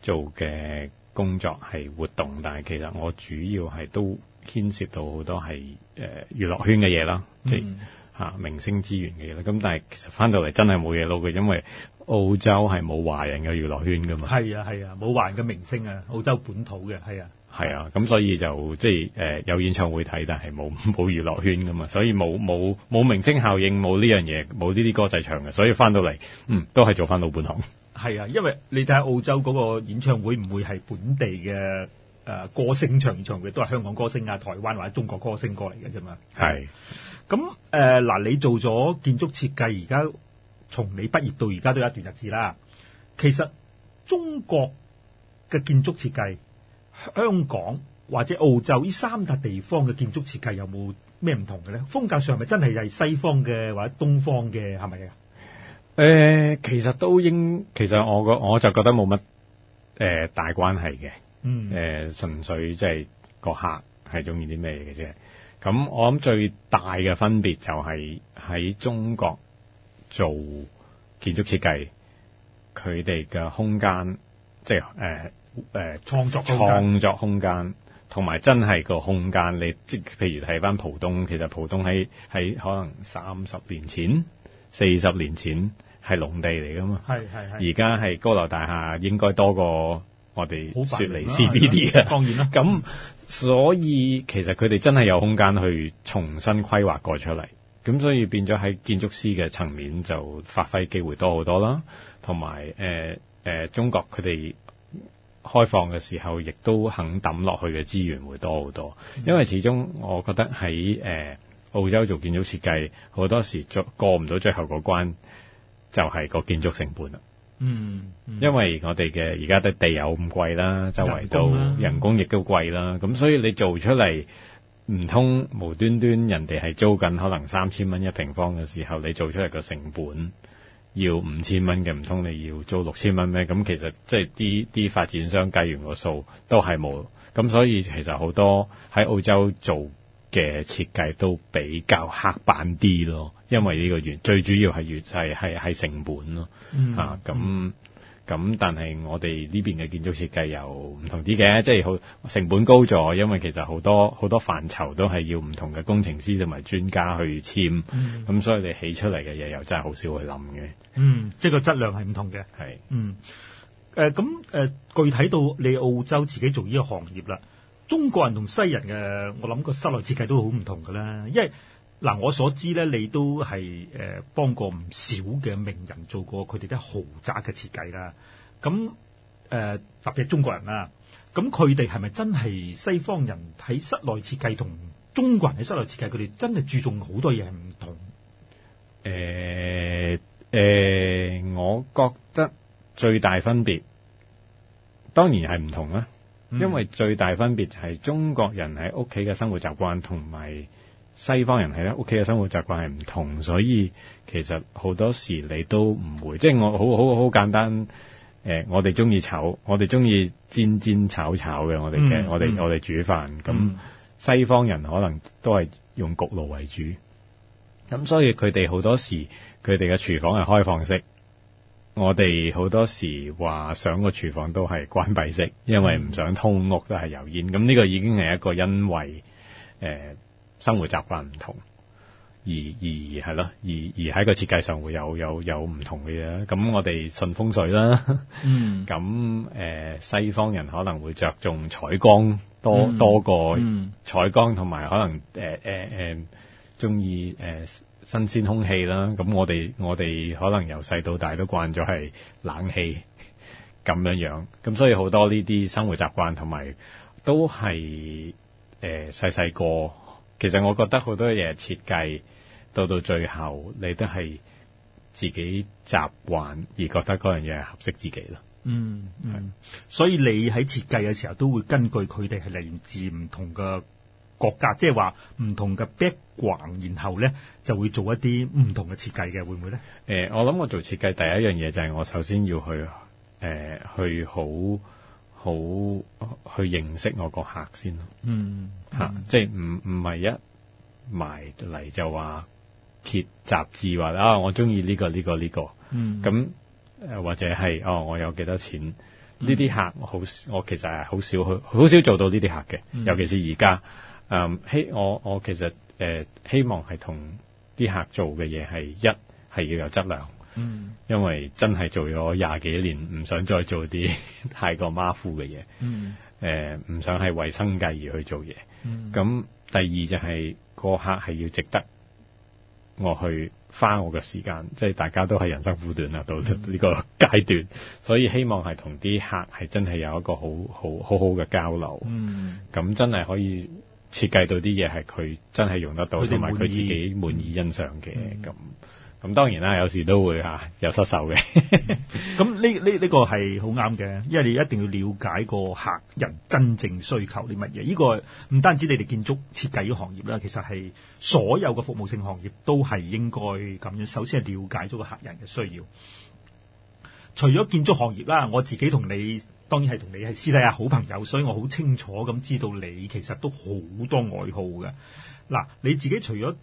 [SPEAKER 2] 做嘅工作係活動，但係其實我主要係都牽涉到好多係誒娛樂圈嘅嘢啦，即係吓明星資源嘅嘢啦。咁但係其實翻到嚟真係冇嘢撈嘅，因為。澳洲係冇華人嘅娛樂圈噶嘛？係
[SPEAKER 1] 啊係啊，冇華人嘅明星啊，澳洲本土嘅，係啊。係
[SPEAKER 2] 啊，咁所以就即係誒有演唱會睇，但係冇冇娛樂圈噶嘛，所以冇冇冇明星效應，冇呢樣嘢，冇呢啲歌仔唱嘅，所以翻到嚟，嗯，都係做翻老本行。
[SPEAKER 1] 係啊，因為你睇下澳洲嗰個演唱會，唔會係本地嘅誒歌星唱唱嘅，都係香港歌星啊、台灣或者中國歌星過嚟嘅啫嘛。係。咁誒嗱，你做咗建築設計，而家。從你畢業到而家都有一段日子啦。其實中國嘅建築設計，香港或者澳洲呢三笪地方嘅建築設計有冇咩唔同嘅咧？風格上係咪真係係西方嘅或者東方嘅係咪啊？誒、
[SPEAKER 2] 呃，其實都應，其實我我就覺得冇乜誒大關係嘅。嗯。誒、呃，純粹即係個客係中意啲咩嘅啫。咁我諗最大嘅分別就係、是、喺中國。做建築設計，佢哋嘅空間，即係誒誒，
[SPEAKER 1] 創作創
[SPEAKER 2] 作空間，同埋真係個空間。你即譬如睇翻浦東，其實浦東喺喺可能三十年前、四十年前係農地嚟噶嘛係係係而家係高樓大廈，應該多過我哋雪梨 CBD 啊，當然啦。咁、嗯、所以其實佢哋真係有空間去重新規劃過出嚟。咁所以變咗喺建築師嘅層面就發揮機會多好多啦，同埋、呃呃、中國佢哋開放嘅時候，亦都肯抌落去嘅資源會多好多。因為始終我覺得喺、呃、澳洲做建築設計，好多時過唔到最後嗰關，就係個建築成本啦，嗯。嗯，因為我哋嘅而家啲地有咁貴啦，周圍都人工亦、啊、都貴啦，咁所以你做出嚟。唔通無端端人哋係租緊可能三千蚊一平方嘅時候，你做出嚟個成本要五千蚊嘅，唔通你要租六千蚊咩？咁其實即係啲啲發展商計完個數都係冇，咁所以其實好多喺澳洲做嘅設計都比較刻板啲咯，因為呢個最主要係越係係係成本咯，咁、嗯啊。咁，但係我哋呢邊嘅建築設計又唔同啲嘅，即係好成本高咗，因為其實好多好多範疇都係要唔同嘅工程師同埋專家去簽，咁、嗯、所以你起出嚟嘅嘢又真係好少去諗嘅。嗯，即係
[SPEAKER 1] 個質量係唔同嘅。係，嗯，誒、呃，咁誒、呃，具體到你澳洲自己做呢個行業啦，中國人同西人嘅，我諗個室內設計都好唔同噶啦，因為。嗱，我所知咧，你都係誒、呃、幫過唔少嘅名人做過佢哋啲豪宅嘅設計啦。咁、嗯、誒、呃、特別係中國人啦，咁佢哋係咪真係西方人喺室內設計同中國人喺室內設計，佢哋真係注重好多嘢係唔同？
[SPEAKER 2] 誒、呃、誒、呃，我覺得最大分別當然係唔同啦、啊，嗯、因為最大分別就係中國人喺屋企嘅生活習慣同埋。西方人係咧，屋企嘅生活習慣係唔同，所以其實好多時你都唔會，即係我好好好簡單。誒、呃，我哋中意炒，我哋中意煎煎炒炒嘅我哋嘅，我哋、mm -hmm. 我哋煮飯。咁西方人可能都係用焗爐為主，咁、mm -hmm. 所以佢哋好多時佢哋嘅廚房係開放式。我哋好多時話上個廚房都係關閉式，因為唔想通屋都係油煙。咁呢個已經係一個因為誒。呃生活習慣唔同，而而係咯，而而喺個設計上會有有有唔同嘅嘢。咁我哋信風水啦，咁、嗯、誒、 (laughs) 呃、西方人可能會着重採光多、嗯、多過採光，同埋可能誒誒誒中意誒新鮮空氣啦。咁我哋我哋可能由細到大都慣咗係冷氣咁樣樣，咁所以好多呢啲生活習慣同埋都係誒細細個。呃其實我覺得好多嘢設計到到最後，你都係自己習慣而覺得嗰樣嘢係合適自己咯。嗯，
[SPEAKER 1] 係、嗯。所以你喺設計嘅時候，都會根據佢哋係嚟自唔同嘅國家，即係話唔同嘅 background，然後咧就會做一啲唔同嘅設計嘅，會唔會咧？
[SPEAKER 2] 誒、呃，我諗我做設計第一樣嘢就係我首先要去誒、呃、去好。好去認識我個客先咯，嗯吓、嗯啊，即係唔唔係一埋嚟就話揭雜誌話啊，我中意呢個呢、這個呢、這個，嗯咁、嗯、或者係哦，我有幾多錢？呢啲客好、嗯，我其實係好少去，好少做到呢啲客嘅、嗯，尤其是而家，嗯希我我其實誒、呃、希望係同啲客做嘅嘢係一係要有質量。嗯，因為真係做咗廿幾年，唔想再做啲太過馬虎嘅嘢。嗯，誒、呃，唔想係為生計而去做嘢。咁、嗯、第二就係、是嗰個客係要值得我去花我嘅時間，即、就、係、係、大家都係人生苦短啊、嗯，到呢個階段，所以希望係同啲客係真係有一個好好，好好好嘅交流。咁、嗯、真係可以設計到啲嘢係佢真係用得到，同埋佢自己滿意欣賞嘅咁。嗯咁當然啦，有時都會嚇有失手嘅。
[SPEAKER 1] 咁呢呢呢個係好啱嘅，因為你一定要了解個客人真正需求啲乜嘢。呢個唔單止你哋建築設計嘅行業啦，其實係所有嘅服務性行業都係應該咁樣。首先係了解咗個客人嘅需要。除咗建築行業啦，我自己同你當然係同你係私底下好朋友，所以我好清楚咁知道你其實都好多愛好嘅。嗱，你自己除咗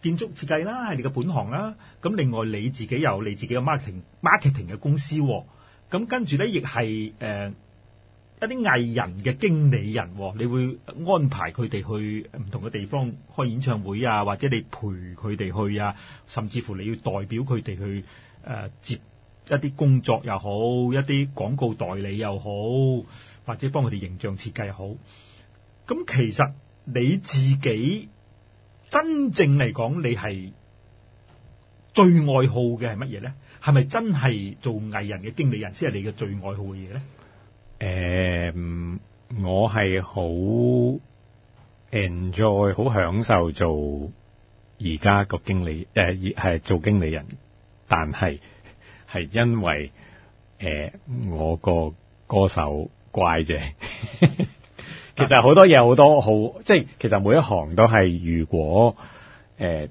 [SPEAKER 1] 建築設計啦，係你嘅本行啦。咁另外你自己有你自己嘅 marketing、marketing 嘅公司、哦。咁跟住呢，亦係、呃、一啲藝人嘅經理人、哦，你會安排佢哋去唔同嘅地方開演唱會啊，或者你陪佢哋去啊，甚至乎你要代表佢哋去、呃、接一啲工作又好，一啲廣告代理又好，或者幫佢哋形象設計又好。咁其實你自己。真正嚟講，你係最愛好嘅係乜嘢咧？係咪真係做藝人嘅經理人先係你嘅最愛好嘅嘢
[SPEAKER 2] 咧？誒，我係好 enjoy，好享受做而家個經理，誒，係做經理人，但係係因為誒我個歌手怪啫。其實好多嘢，好多好，即係其實每一行都係，如果誒、呃，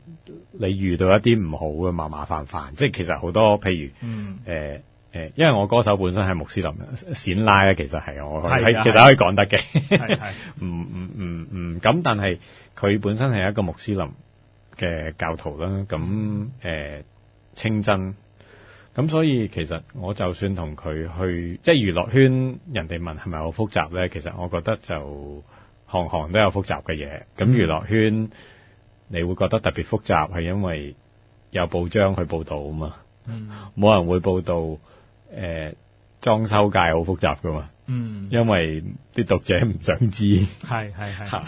[SPEAKER 2] 你遇到一啲唔好嘅麻麻煩煩，即係其實好多譬如，誒、嗯、誒、呃呃，因為我歌手本身係穆斯林，冼拉咧其實係我，其實可以講得嘅，唔唔唔唔，咁、 (laughs) 嗯嗯嗯嗯嗯、但係佢本身係一個穆斯林嘅教徒啦，咁誒、呃、清真。咁所以其實我就算同佢去，即係娛樂圈人哋問係咪好複雜呢？其實我覺得就行行都有複雜嘅嘢。咁娛樂圈你會覺得特別複雜，係因為有報章去報導啊嘛。嗯，冇人會報導誒、呃、裝修界好複雜噶嘛。嗯，因為啲讀者唔想知。
[SPEAKER 1] 係，係，係。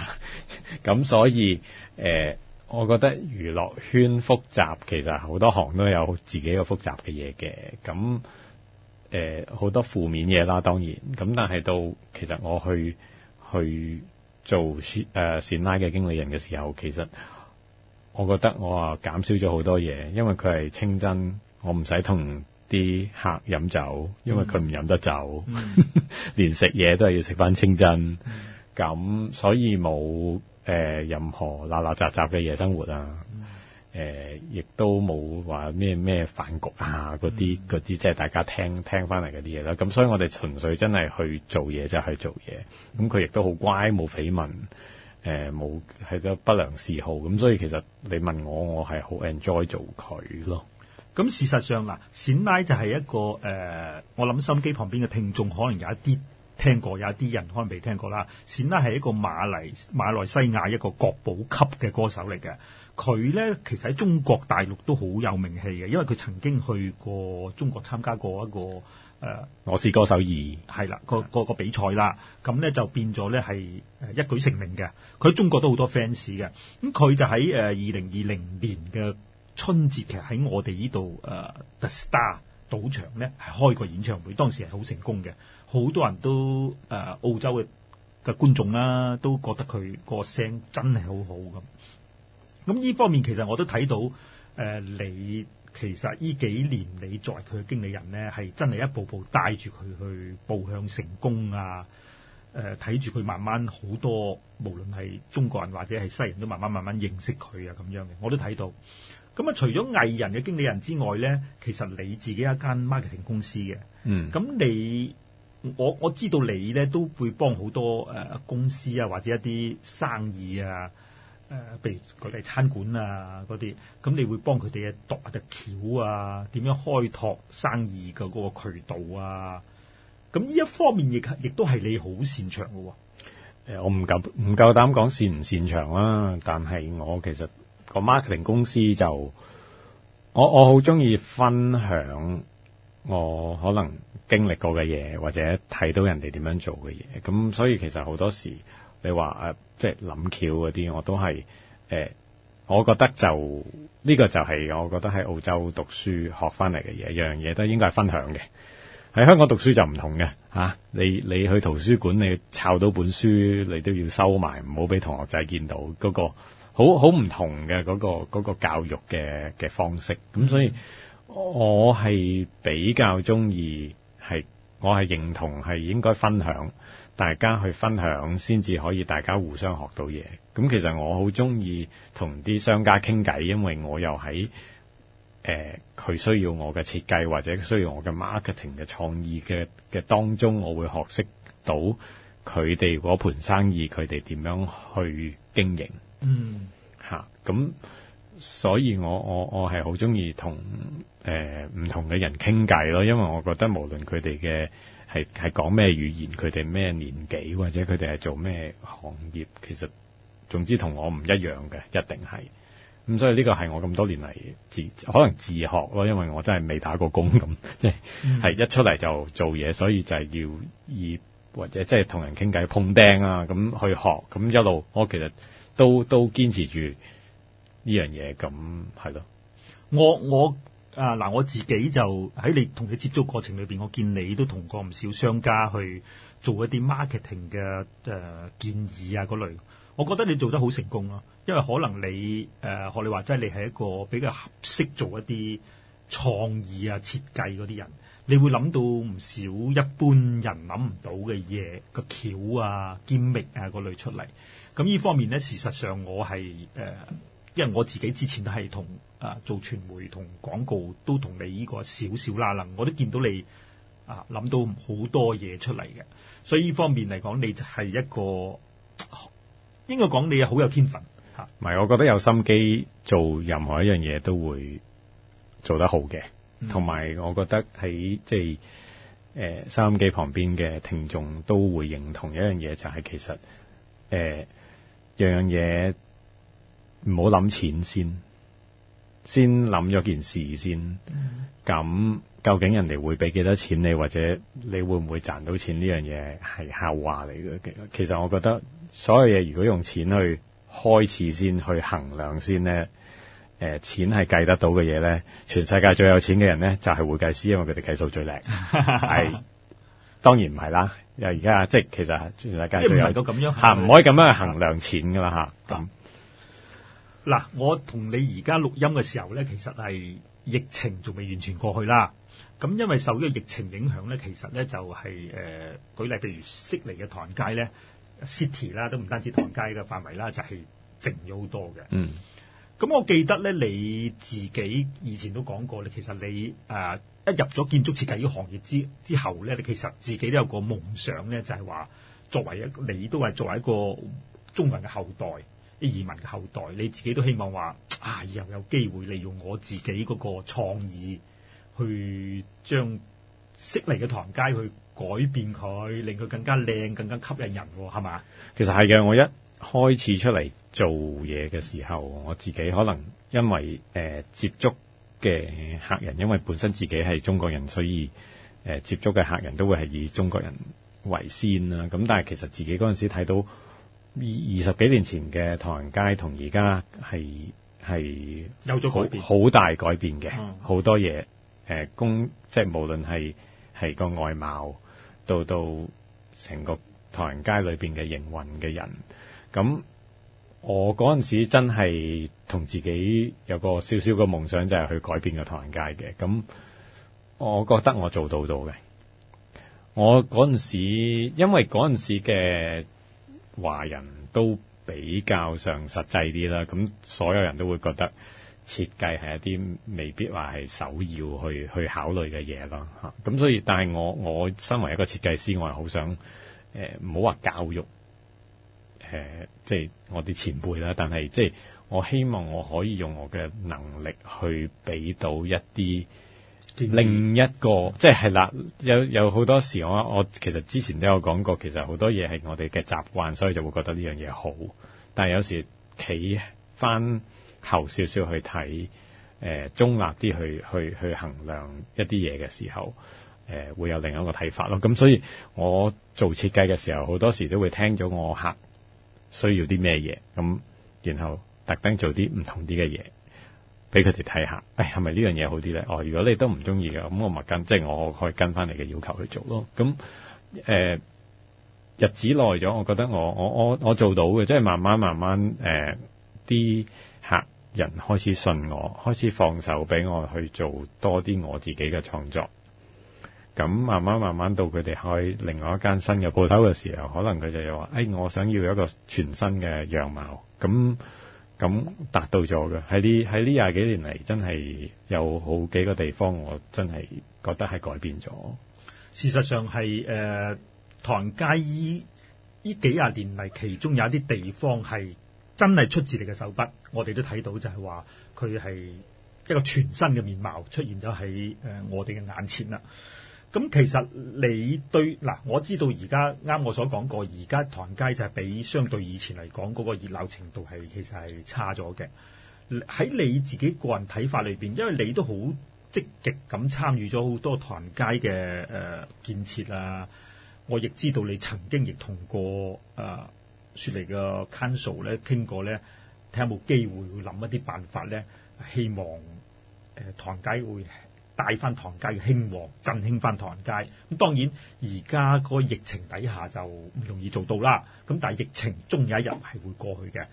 [SPEAKER 2] 咁 (laughs) 所以誒。呃我覺得娛樂圈複雜，其實好多行都有自己一個複雜嘅嘢嘅。咁、嗯、誒，好、呃、多負面嘢啦，當然。咁但係到其實我去去做線誒線拉嘅經理人嘅時候，其實我覺得我減少咗好多嘢，因為佢係清真，我唔使同啲客飲酒，因為佢唔飲得酒，mm, mm. (laughs) 連食嘢都係要食返清真。咁、嗯嗯、所以冇。誒任何鬧鬧雜雜嘅夜生活啊，誒亦都冇話咩咩飯局啊，嗰啲啲即係大家聽聽翻嚟嗰啲嘢啦。咁所以我哋純粹真係去做嘢就係去做嘢。咁佢亦都好乖，冇緋聞，誒冇係咗不良嗜好。咁所以其實你問我，我係好 enjoy 做佢咯、嗯。
[SPEAKER 1] 咁事實上嗱，閃奶就係一個誒、呃，我諗心機旁邊嘅聽眾可能有一啲。聽過有一啲人可能未聽過啦。冼娜係一個馬嚟馬來西亞一個國寶級嘅歌手嚟嘅。佢呢其實喺中國大陸都好有名氣嘅，因為佢曾經去過中國參加過一個誒、呃《我是歌手》二係啦個個，個比賽啦。咁呢就變咗呢係一舉成名嘅。佢喺中國都好多 fans 嘅。咁、嗯、佢就喺誒二零二零年嘅春節其實喺我哋呢度誒 The Star 賭場呢，係開過演唱會，當時係好成功嘅。好多人都誒、呃、澳洲嘅嘅觀眾啦、啊，都覺得佢個聲真係好好咁。咁呢方面其實我都睇到誒、呃，你其實呢幾年你作為佢嘅經理人咧，係真係一步步帶住佢去步向成功啊！誒、呃，睇住佢慢慢好多，無論係中國人或者係西人都慢慢慢慢認識佢啊咁樣嘅，我都睇到。咁啊，除咗藝人嘅經理人之外咧，其實你自己一間 marketing 公司嘅，嗯，咁你。我我知道你咧都會幫好多誒、呃、公司啊，或者一啲生意啊，誒、呃，譬如佢哋餐館啊嗰啲，咁你會幫佢哋啊度下隻橋啊，點樣開拓生意嘅嗰個渠道啊？咁呢一方面亦亦都係你好擅長嘅喎、啊呃。我唔
[SPEAKER 2] 敢唔夠膽講擅唔擅長啦、啊，但係我其實個 marketing 公司就我我好中意分享，我可能。經歷過嘅嘢，或者睇到人哋點樣做嘅嘢，咁所以其實好多時候你話誒，即係諗橋嗰啲，我都係誒、呃，我覺得就呢、呢個就係我覺得喺澳洲讀書學翻嚟嘅嘢，樣嘢都應該係分享嘅。喺香港讀書就唔同嘅吓、啊，你你去圖書館你抄到本書，你都要收埋，唔好俾同學仔見到。嗰、嗰個好好唔同嘅嗰、嗰個、嗰個教育嘅嘅方式，咁所以我係比較中意。係，我係認同係應該分享，大家去分享先至可以大家互相學到嘢。咁其實我好中意同啲商家傾偈，因為我又喺誒佢需要我嘅設計或者需要我嘅 marketing 嘅創意嘅嘅當中，我會學識到佢哋嗰盤生意，佢哋點樣去經營。嗯、啊，吓咁，所以我我我係好中意同。誒、呃，唔同嘅人傾偈咯，因為我覺得無論佢哋嘅係係講咩語言，佢哋咩年紀，或者佢哋係做咩行業，其實總之同我唔一樣嘅，一定係咁，所以呢個係我咁多年嚟，自可能自學咯，因為我真係未打過工咁，即 (laughs) 係、就是嗯、一出嚟就做嘢，所以就係要以或者即係同人傾偈碰釘啊，咁去學，咁一路我其實都都堅持住呢樣嘢，咁係咯，
[SPEAKER 1] 我我。啊！嗱，我自己就喺你同你接觸過程裏面，我見你都同過唔少商家去做一啲 marketing 嘅、呃、建議啊嗰類。我覺得你做得好成功咯、啊，因為可能你誒學、呃、你話齋，你係一個比較合適做一啲創意啊設計嗰啲人，你會諗到唔少一般人諗唔到嘅嘢個橋啊、gimmick 啊嗰類出嚟。咁呢方面呢，事實上我係誒。呃因為我自己之前都係同啊做傳媒同廣告，都同你呢個少少啦，啦，能我都見到你啊諗到好多嘢出嚟嘅，所以呢方面嚟講，你就係一個應該講你好有天分
[SPEAKER 2] 吓。唔係，我覺得有心機做任何一樣嘢都會做得好嘅，同、嗯、埋我覺得喺即係誒收音機旁邊嘅聽眾都會認同一樣嘢，就係其實誒、呃、樣樣嘢。唔好諗錢先，先諗咗件事先。咁、嗯、究竟人哋會俾幾多錢你，或者你會唔會賺到錢呢？樣嘢係後話嚟嘅。其實我覺得所有嘢，如果用錢去開始先去衡量先呢，誒，錢係計得到嘅嘢呢。全世界最有錢嘅人呢，就係、是、會計師，因為佢哋計數最叻。係 (laughs) 當然唔係啦，而家即係其實全世界最有唔係咁樣吓，唔可以咁樣去衡量錢噶啦吓咁。 (laughs)
[SPEAKER 1] 嗱，我同你而家錄音嘅時候咧，其實係疫情仲未完全過去啦。咁因為受呢個疫情影響咧，其實咧就係、是、誒、呃，舉例譬如悉尼嘅唐街咧，City 啦都唔單止唐街嘅範圍啦，就係、是、靜咗好多嘅。嗯。咁我記得咧，你自己以前都講過你其實你誒、呃、一入咗建築設計呢個行業之之後咧，你其實自己都有個夢想咧，就係、是、話作為一個，你都係作為一個中國人嘅後代。移民嘅後代，你自己都希望話，啊，以後有機會利用我自己嗰個創意，去將悉尼嘅唐街去改變佢，令佢更加靚、更加吸引人，哦，係嘛？
[SPEAKER 2] 其實，係嘅。我一開始出嚟做嘢嘅時候，我自己可能因為誒、呃、接觸嘅客人，因為本身自己係中國人，所以誒、呃、接觸嘅客人都會係以中國人為先啦、啊。咁但係其實自己嗰陣時睇到。二十幾年前嘅唐人街同而家係係有咗改變好，好大改變嘅，好、嗯、多嘢。誒、呃，公即係無論係係個外貌，到到成個唐人街裏邊嘅營運嘅人。咁我嗰陣時真係同自己有個少少嘅夢想，就係去改變個唐人街嘅。咁我覺得我做到到嘅。我嗰陣時，因為嗰陣時嘅。華人都比較上實際啲啦，咁所有人都會覺得設計係一啲未必話係首要去去考慮嘅嘢咯嚇。咁所以，但係我我身為一個設計師，我係好想誒唔好話教育誒，即係我啲前輩啦。但係即係我希望我可以用我嘅能力去俾到一啲。嗯、另一個即係啦，有有好多時我我其實之前都有講過，其實好多嘢係我哋嘅習慣，所以就會覺得呢樣嘢好。但係有時企返後少少去睇、呃，中立啲去去去衡量一啲嘢嘅時候、呃，會有另一個睇法咯。咁所以我做設計嘅時候，好多時都會聽咗我客需要啲咩嘢，咁然後特登做啲唔同啲嘅嘢。俾佢哋睇下，哎，係咪呢樣嘢好啲咧？哦，如果你都唔中意嘅，咁我咪跟，即係，我可以跟翻你嘅要求去做咯。咁，誒，日子耐咗，我覺得我我我我做到嘅，即係慢慢慢慢，誒，啲客人開始信我，開始放手俾我去做多啲我自己嘅創作。咁慢慢慢慢到佢哋去另外一間新嘅鋪頭嘅時候，可能佢就又話，哎，我想要一個全新嘅樣貌。咁。咁達到咗嘅喺呢喺呢廿幾年嚟，真係有好幾個地方，我真係覺得係改
[SPEAKER 1] 變咗。事實上係誒、呃，唐街依呢幾廿年嚟，其中有一啲地方係真係出自你嘅手筆，我哋都睇到就係話佢係一個全新嘅面貌出現咗喺、呃、我哋嘅眼前啦。咁其實你對嗱，我知道而家啱我所講過，而家唐街就係比相對以前嚟講嗰個熱鬧程度係其實係差咗嘅。喺你自己個人睇法裏面，因為你都好積極咁參與咗好多唐街嘅誒建設啊，我亦知道你曾經亦同過誒雪梨嘅 council 咧傾過咧，睇下冇機會會諗一啲辦法咧，希望唐街會帶翻唐街嘅興旺，振興翻唐街。咁當然，而家嗰個疫情底下就唔容易做到啦。咁但係疫情終有一日係會過去嘅。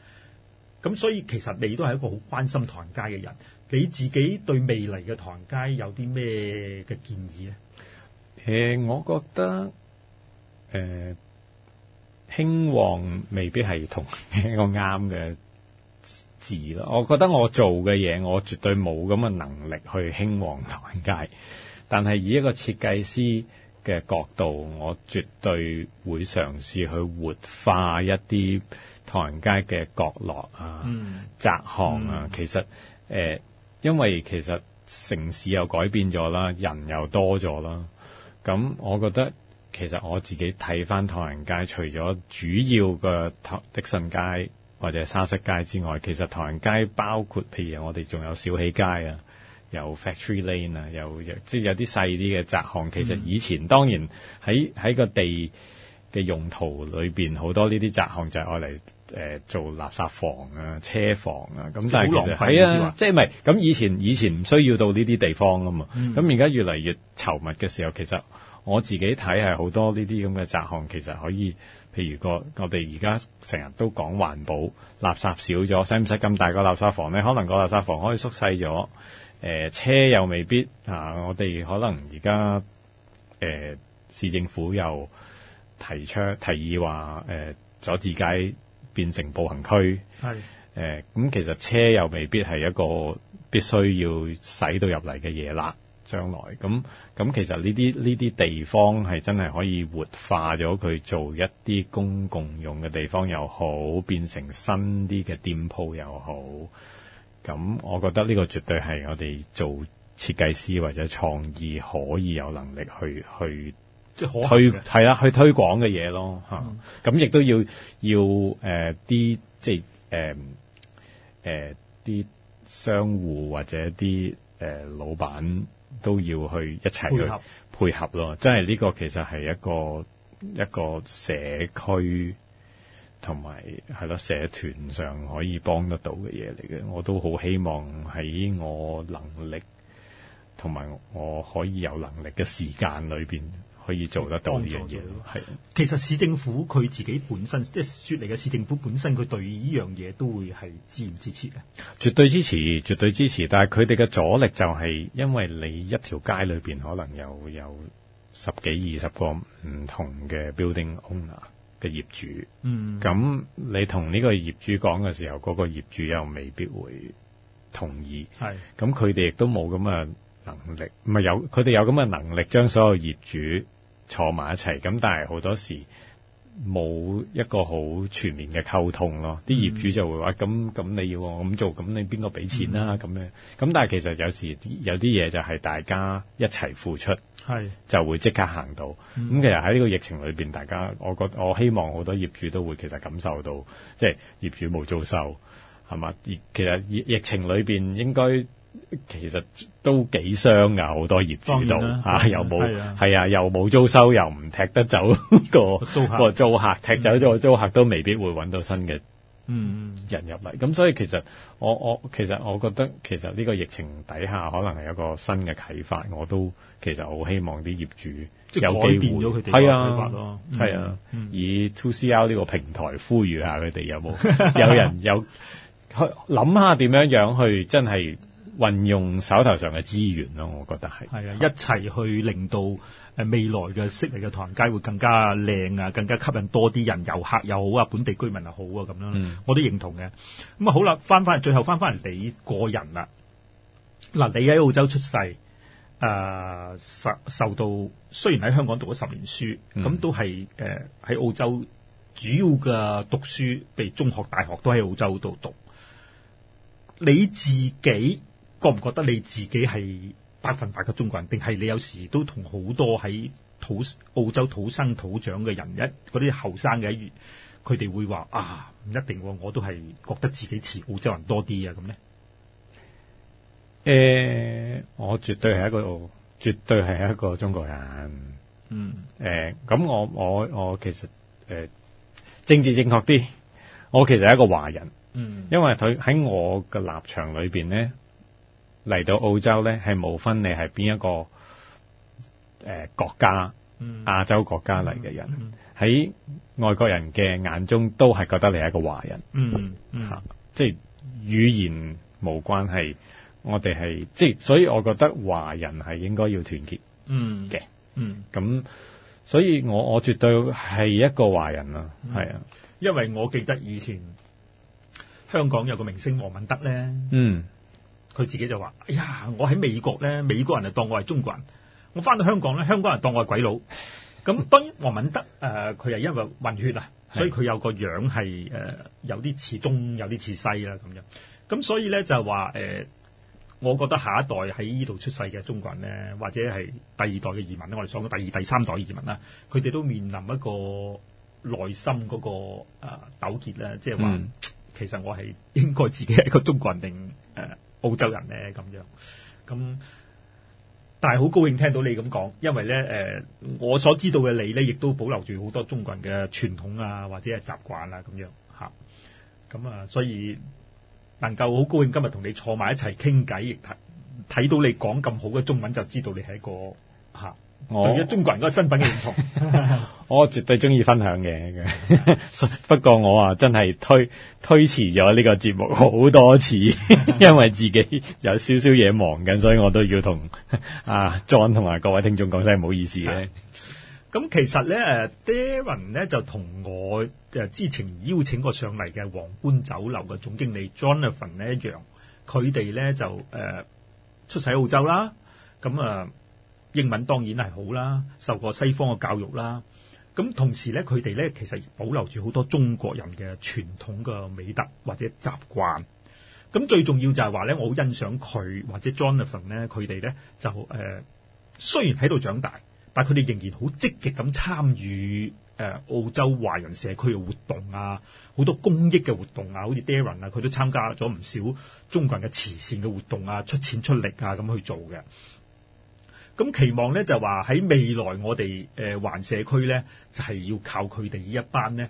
[SPEAKER 1] 咁所以其實你都係一個好關心唐街嘅人。你自己對未來嘅唐街有啲咩嘅建議
[SPEAKER 2] 呢？誒、呃，我覺得誒，興、呃、旺未必係同一個啱嘅。 (laughs) 我覺得我做嘅嘢，我絕對冇咁嘅能力去興旺唐人街。但係以一個設計師嘅角度，我絕對會嘗試去活化一啲唐人街嘅角落啊、窄、嗯、巷啊。其實誒、呃，因為其實城市又改變咗啦，人又多咗啦。咁我覺得其實我自己睇返唐人街，除咗主要嘅唐德信街，或者沙石街之外，其實唐人街包括譬如我哋仲有小喜街啊，有 Factory Lane 啊，有，有即係有啲細啲嘅窄巷。其實以前、嗯、當然喺喺個地嘅用途裏面，好多呢啲窄巷就係愛嚟做垃圾房啊、車房啊。咁但係浪費係啊，即係唔係咁以前以前唔需要到呢啲地方啊嘛。咁而家越嚟越稠密嘅時候，其實我自己睇係好多呢啲咁嘅窄巷，其實可以。譬如個我哋而家成日都講環保，垃圾少咗，使唔使咁大個垃圾房咧？可能個垃圾房可以縮細咗。誒、呃，車又未必、啊、我哋可能而家誒市政府又提出提議話誒佐治街變成步行區，咁、呃。其實車又未必係一個必須要使到入嚟嘅嘢啦。將來咁咁，其實呢啲呢啲地方係真係可以活化咗佢做一啲公共用嘅地方又好，變成新啲嘅店鋪又好。咁我覺得呢個絕對係我哋做設計師或者創意可以有能力去去即係推係啦，去推廣嘅嘢咯嚇。咁、嗯、亦、啊、都要要誒啲、呃、即係啲、呃呃、商戶或者啲誒、呃、老闆。都要去一齊去配合咯，真係呢個其實係一個一個社區同埋係咯社團上可以幫得到嘅嘢嚟嘅，我都好希望喺我能力同埋我可以有能力嘅時間裏邊。可以做得到呢樣嘢，係，
[SPEAKER 1] 其實市政府佢自己本身，即係說嚟嘅，市政府本身佢對呢樣嘢都會係支唔支持嘅？
[SPEAKER 2] 絕對支持，絕對支持。但係佢哋嘅阻力就係，因為你一條街裏邊可能有有十幾二十個唔同嘅 building owner 嘅業主，嗯，咁你同呢個業主講嘅時候，嗰個業主又未必會同意，係，咁佢哋亦都冇咁嘅能力，唔係有，佢哋有咁嘅能力將所有業主。坐埋一齊咁，但係好多時冇一個好全面嘅溝通咯。啲業主就會話：咁、嗯、咁你要我咁做，咁你邊個俾錢啦、啊？咁、嗯、樣咁，但係其實有時有啲嘢就係大家一齊付出，就會即刻行到。咁、嗯、其實喺呢個疫情裏面，大家我覺得我希望好多業主都會其實感受到，即、就、係、是、業主冇租收係嘛？其實疫情裏面應該。其實都幾傷噶，好多業主度吓、啊啊，又冇係啊，啊，又冇租收，又唔踢得走，個租客個租客，踢走咗租客都未必會揾到新嘅嗯人入嚟。咁、嗯、所以其實我我其實我覺得其實呢個疫情底下可能係一個新嘅啟發。我都其實好希望啲業主即係改變咗佢哋嘅啟發咯，係啊，嗯啊嗯、以 2CR 呢個平台呼籲下佢哋有冇有， (laughs) 有人有去諗下點樣樣去真係。運用手頭上嘅資源咯，我覺得係係
[SPEAKER 1] 啊，一齊去令到誒、啊、未來嘅悉尼嘅唐人街會更加靚啊，更加吸引多啲人遊客又好啊，本地居民又好啊，咁樣、嗯，我都認同嘅。咁啊好啦，翻翻嚟最後翻翻嚟你個人啦。嗱、啊，你喺澳洲出世，誒、啊、受受到雖然喺香港讀咗十年書，咁、嗯、都係誒喺澳洲主要嘅讀書，譬如中學、大學都喺澳洲度讀。你自己。覺唔覺得你自己係百分百嘅中國人？定係你有時都同好多喺土澳洲土生土長嘅人一嗰啲後生嘅一員，佢哋會話啊，唔一定。我都係覺得自己似澳洲人多啲啊。咁呢，
[SPEAKER 2] 誒，我絕對係一個絕對係一個中國人。嗯、欸。誒，咁我我我其實誒政治正確啲，我其實係、欸、一,一個華人。嗯。因為佢喺我嘅立場裏邊呢。嚟到澳洲咧，係冇分你係邊一個誒、呃、國家、嗯，亞洲國家嚟嘅人，喺、嗯嗯、外國人嘅眼中都係覺得你係一個華人，嗯，嗯、啊、嗯，即語言無關係。我哋係即所以我覺得華人係應該要團結嘅。嗯，咁、嗯、所以我，我我絕對係一個華人啊，嗯、啊，
[SPEAKER 1] 因為我記得以前香港有個明星王敏德咧，嗯。佢自己就話，哎呀，我喺美國咧，美國人就當我係中國人，我翻到香港咧，香港人當我係鬼佬。咁當然，王敏德誒，佢、呃、係因為混血啊，所以佢有個樣係誒、呃，有啲似中、有啲似西啦咁樣。咁所以咧就話誒、呃，我覺得下一代喺呢度出世嘅中國人咧，或者係第二代嘅移民咧，我哋講嘅第二、第三代移民啦，佢哋都面臨一個內心嗰、那個誒糾、呃、結啦，即係話，嗯、其實我係應該自己係一個中國人定？澳洲人呢，咁樣，咁但係好高興聽到你咁講，因為呢，誒，我所知道嘅你呢，亦都保留住好多中國人嘅傳統啊，或者係習慣啊咁樣吓，咁啊，所以能夠好高興今日同你坐埋一齊傾偈，亦睇睇到你講咁好嘅中文，就知道你係一個吓。啊對住中國人嗰個身份嘅認同 (laughs) ，
[SPEAKER 2] 我絕對中意分享嘅。 (laughs) 不過我啊，真係推推遲咗呢個節目好多次， (laughs) 因為自己有少少嘢忙緊，所以我都要同啊 John 同埋各位聽眾講聲唔好意思嘅。
[SPEAKER 1] 咁其實呢 Darren 呢就同我誒之前邀請過上嚟嘅皇冠酒樓嘅總經理 Jonathan 呢一樣，佢哋呢就誒、呃、出世喺澳洲啦，咁、嗯、啊。呃英文當然係好啦，受過西方嘅教育啦。咁同時咧，佢哋咧其實保留住好多中國人嘅傳統嘅美德或者習慣。咁最重要就係話咧，我好欣賞佢或者 Jonathan 咧，佢哋咧就誒、呃、雖然喺度長大，但佢哋仍然好積極咁參與、呃、澳洲華人社區嘅活動、啊、活動啊，好多公益嘅活動啊，好似 Darren 啊，佢都參加咗唔少中國人嘅慈善嘅活動啊，出錢出力啊咁去做嘅。咁期望咧就話喺未來我哋、呃、環社區咧，就係、是、要靠佢哋呢一班咧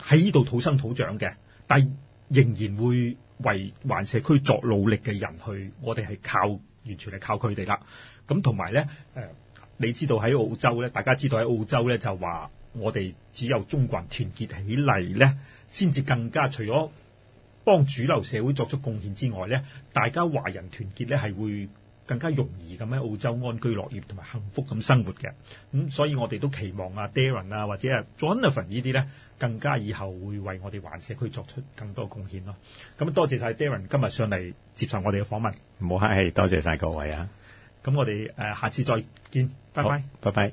[SPEAKER 1] 喺呢度土生土長嘅，但係仍然會為環社區作努力嘅人去，我哋係靠完全係靠佢哋啦。咁同埋咧你知道喺澳洲咧，大家知道喺澳洲咧就話我哋只有中國人團結起嚟咧，先至更加除咗幫主流社會作出貢獻之外咧，大家華人團結咧係會。更加容易咁喺澳洲安居樂業同埋幸福咁生活嘅，咁、嗯、所以我哋都期望阿、啊、Darren 啊或者啊 Jonathan 呢啲咧，更加以後會為我哋環社區作出更多貢獻咯。咁、嗯、多謝晒 Darren 今日上嚟接受我哋嘅訪問。
[SPEAKER 2] 唔好客氣，多謝晒各位啊！
[SPEAKER 1] 咁、嗯、我哋誒、呃、下次再見，拜拜，
[SPEAKER 2] 拜拜。